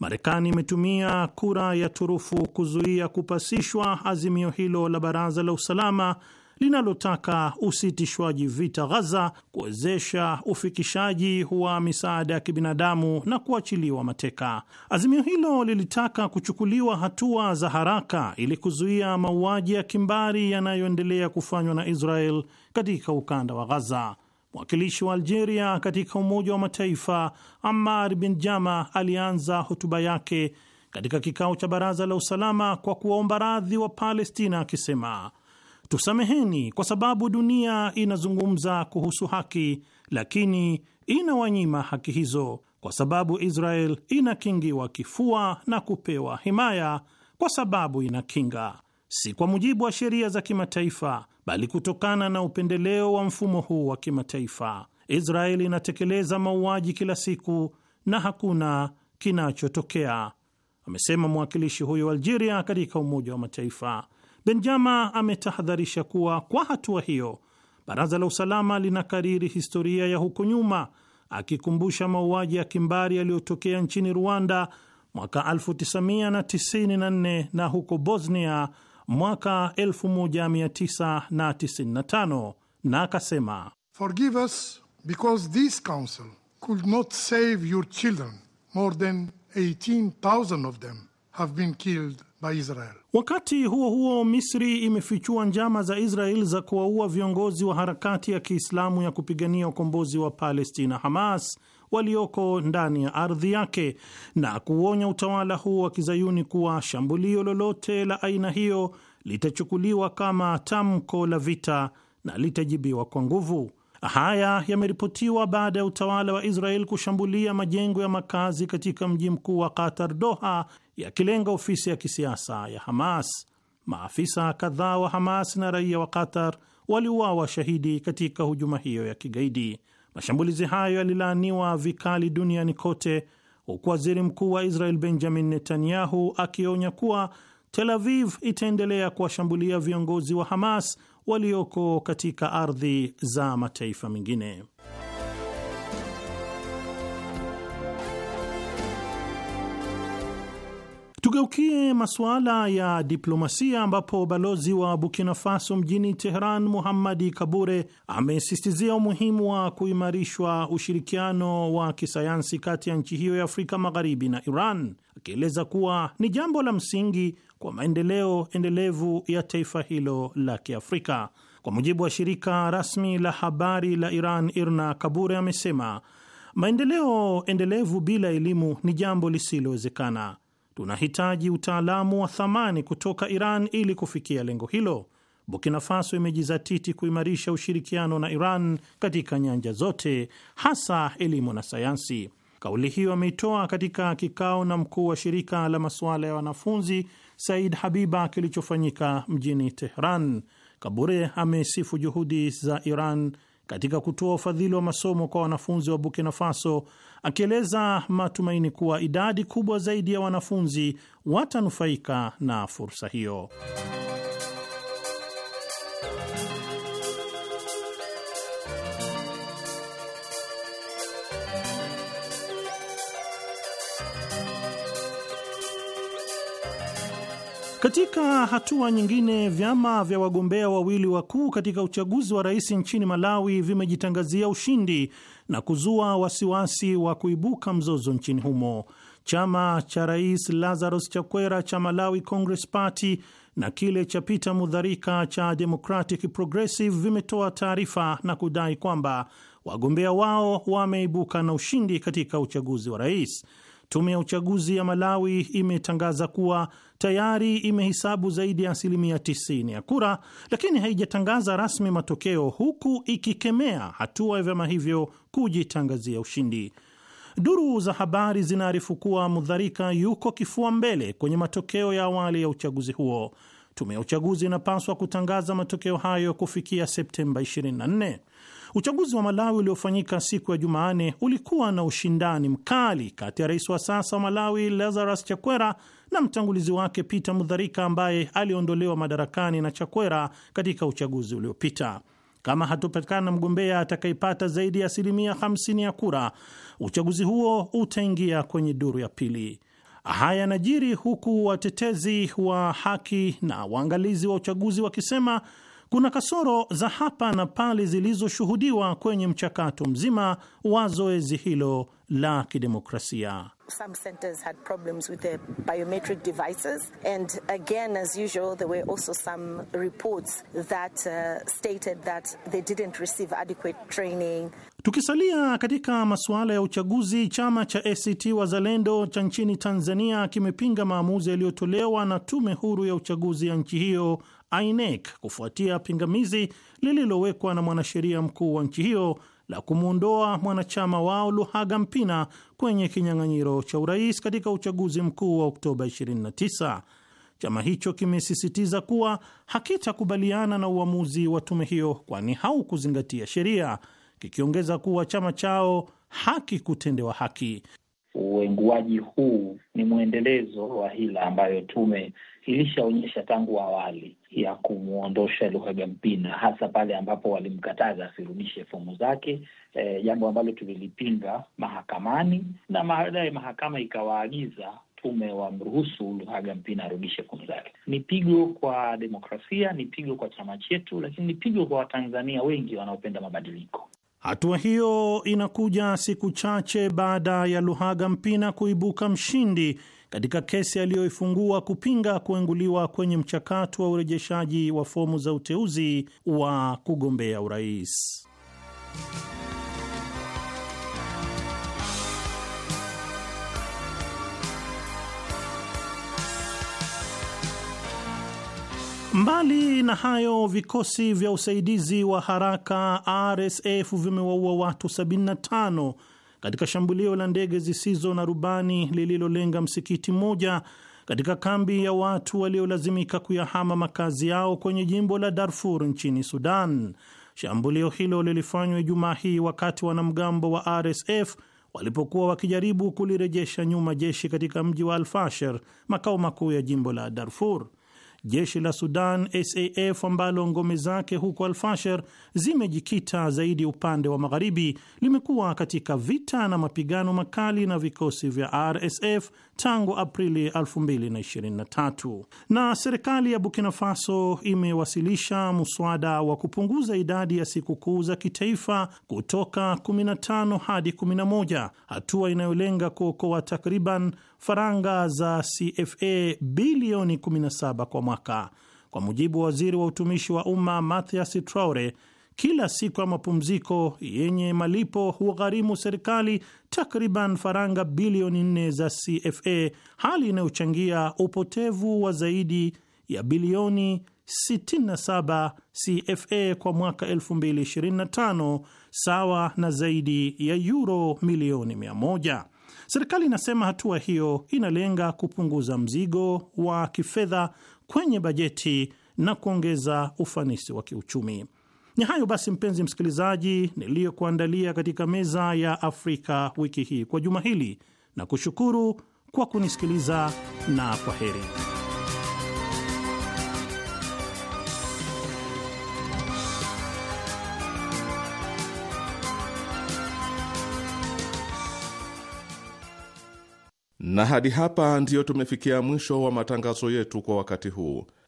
S4: Marekani imetumia kura ya turufu kuzuia kupasishwa azimio hilo la Baraza la Usalama linalotaka usitishwaji vita Ghaza, kuwezesha ufikishaji wa misaada ya kibinadamu na kuachiliwa mateka. Azimio hilo lilitaka kuchukuliwa hatua za haraka ili kuzuia mauaji ya kimbari yanayoendelea kufanywa na Israel katika ukanda wa Ghaza. Mwakilishi wa Algeria katika Umoja wa Mataifa Ammar bin Jama alianza hotuba yake katika kikao cha Baraza la Usalama kwa kuwaomba radhi wa Palestina akisema, tusameheni kwa sababu dunia inazungumza kuhusu haki, lakini inawanyima haki hizo kwa sababu Israel inakingiwa kifua na kupewa himaya kwa sababu inakinga si kwa mujibu wa sheria za kimataifa, bali kutokana na upendeleo wa mfumo huu wa kimataifa. Israeli inatekeleza mauaji kila siku na hakuna kinachotokea, amesema mwakilishi huyo wa Algeria katika Umoja wa Mataifa. Benjama ametahadharisha kuwa kwa hatua hiyo Baraza la Usalama linakariri historia ya huko nyuma, akikumbusha mauaji ya kimbari yaliyotokea nchini Rwanda mwaka 1994 na huko Bosnia mwaka 1995 na akasema, Forgive us because this council could not save your children more than 18,000 of them have been killed by Israel. Wakati huo huo, Misri imefichua njama za Israel za kuwaua viongozi wa harakati ya Kiislamu ya kupigania ukombozi wa Palestina, Hamas walioko ndani ya ardhi yake na kuuonya utawala huu wa kizayuni kuwa shambulio lolote la aina hiyo litachukuliwa kama tamko la vita na litajibiwa kwa nguvu. Haya yameripotiwa baada ya utawala wa Israel kushambulia majengo ya makazi katika mji mkuu wa Qatar, Doha, yakilenga ofisi ya kisiasa ya Hamas. Maafisa kadhaa wa Hamas na raia wa Qatar waliuawa shahidi katika hujuma hiyo ya kigaidi. Mashambulizi hayo yalilaaniwa vikali duniani kote, huku waziri mkuu wa Israel Benjamin Netanyahu akionya kuwa Tel Aviv itaendelea kuwashambulia viongozi wa Hamas walioko katika ardhi za mataifa mengine. Tugeukie masuala ya diplomasia ambapo balozi wa Burkina Faso mjini Tehran, Muhammadi Kabure, amesisitizia umuhimu wa kuimarishwa ushirikiano wa kisayansi kati ya nchi hiyo ya Afrika Magharibi na Iran, akieleza kuwa ni jambo la msingi kwa maendeleo endelevu ya taifa hilo la Kiafrika. Kwa mujibu wa shirika rasmi la habari la Iran, IRNA, Kabure amesema maendeleo endelevu bila elimu ni jambo lisilowezekana tunahitaji utaalamu wa thamani kutoka Iran ili kufikia lengo hilo. Burkina Faso imejizatiti kuimarisha ushirikiano na Iran katika nyanja zote, hasa elimu na sayansi. Kauli hiyo ameitoa katika kikao na mkuu wa shirika la masuala ya wanafunzi Said Habiba kilichofanyika mjini Tehran. Kabure amesifu juhudi za Iran katika kutoa ufadhili wa masomo kwa wanafunzi wa Burkina Faso akieleza matumaini kuwa idadi kubwa zaidi ya wanafunzi watanufaika na fursa hiyo. Katika hatua nyingine, vyama vya wagombea wawili wakuu katika uchaguzi wa rais nchini Malawi vimejitangazia ushindi na kuzua wasiwasi wa kuibuka mzozo nchini humo. Chama cha Rais Lazarus Chakwera cha Malawi Congress Party na kile cha Peter Mutharika cha Democratic Progressive vimetoa taarifa na kudai kwamba wagombea wao wameibuka na ushindi katika uchaguzi wa rais. Tume ya uchaguzi ya Malawi imetangaza kuwa tayari imehesabu zaidi ya asilimia 90 ya kura, lakini haijatangaza rasmi matokeo, huku ikikemea hatua ya vyama hivyo kujitangazia ushindi. Duru za habari zinaarifu kuwa Mudharika yuko kifua mbele kwenye matokeo ya awali ya uchaguzi huo. Tume ya uchaguzi inapaswa kutangaza matokeo hayo kufikia Septemba 24. Uchaguzi wa Malawi uliofanyika siku ya Jumanne ulikuwa na ushindani mkali kati ya rais wa sasa wa Malawi Lazarus Chakwera na mtangulizi wake Peter Mutharika ambaye aliondolewa madarakani na Chakwera katika uchaguzi uliopita. Kama hatopatikana mgombea atakayepata zaidi ya asilimia 50 ya kura, uchaguzi huo utaingia kwenye duru ya pili. Haya yanajiri huku watetezi wa haki na waangalizi wa uchaguzi wakisema kuna kasoro za hapa na pale zilizoshuhudiwa kwenye mchakato mzima wa zoezi hilo la kidemokrasia. Tukisalia katika masuala ya uchaguzi, chama cha ACT Wazalendo cha nchini Tanzania kimepinga maamuzi yaliyotolewa na tume huru ya uchaguzi ya nchi hiyo INEC kufuatia pingamizi lililowekwa na mwanasheria mkuu wa nchi hiyo la kumwondoa mwanachama wao Luhaga Mpina kwenye kinyang'anyiro cha urais katika uchaguzi mkuu wa Oktoba 29. Chama hicho kimesisitiza kuwa hakitakubaliana na uamuzi wa tume hiyo, kwani haukuzingatia sheria, kikiongeza kuwa chama chao hakikutendewa haki.
S1: Uenguaji huu ni mwendelezo wa hila ambayo tume ilishaonyesha tangu awali ya kumwondosha Luhaga Mpina, hasa pale ambapo walimkataza asirudishe fomu zake, eh, jambo e, ambalo tulilipinga mahakamani na baadaye mahakama ikawaagiza tume wamruhusu Luhaga Mpina arudishe fomu zake. Ni pigo kwa demokrasia, ni pigo kwa chama chetu, lakini ni pigo kwa Watanzania wengi wanaopenda
S6: mabadiliko.
S4: Hatua hiyo inakuja siku chache baada ya Luhaga Mpina kuibuka mshindi katika kesi aliyoifungua kupinga kuenguliwa kwenye mchakato wa urejeshaji wa fomu za uteuzi wa kugombea urais. Mbali na hayo, vikosi vya usaidizi wa haraka RSF vimewaua watu 75 katika shambulio la ndege zisizo na rubani lililolenga msikiti mmoja katika kambi ya watu waliolazimika kuyahama makazi yao kwenye jimbo la Darfur nchini Sudan. Shambulio hilo lilifanywa Ijumaa hii wakati wanamgambo wa RSF walipokuwa wakijaribu kulirejesha nyuma jeshi katika mji wa Alfasher, makao makuu ya jimbo la Darfur jeshi la Sudan SAF ambalo ngome zake huko Alfasher zimejikita zaidi upande wa magharibi limekuwa katika vita na mapigano makali na vikosi vya RSF tangu Aprili 2023 na serikali ya Burkina Faso imewasilisha mswada wa kupunguza idadi ya sikukuu za kitaifa kutoka 15 hadi 11, hatua inayolenga kuokoa takriban faranga za CFA bilioni 17 kwa mwaka, kwa mujibu wa waziri wa utumishi wa umma Mathias Traore kila siku ya mapumziko yenye malipo hugharimu serikali takriban faranga bilioni nne za CFA, hali inayochangia upotevu wa zaidi ya bilioni 67 CFA kwa mwaka 2025 sawa na zaidi ya yuro milioni 100. Serikali inasema hatua hiyo inalenga kupunguza mzigo wa kifedha kwenye bajeti na kuongeza ufanisi wa kiuchumi. Ni hayo basi, mpenzi msikilizaji, niliyokuandalia katika meza ya Afrika wiki hii kwa juma hili, na kushukuru kwa kunisikiliza na kwa heri.
S3: Na hadi hapa ndiyo tumefikia mwisho wa matangazo yetu kwa wakati huu.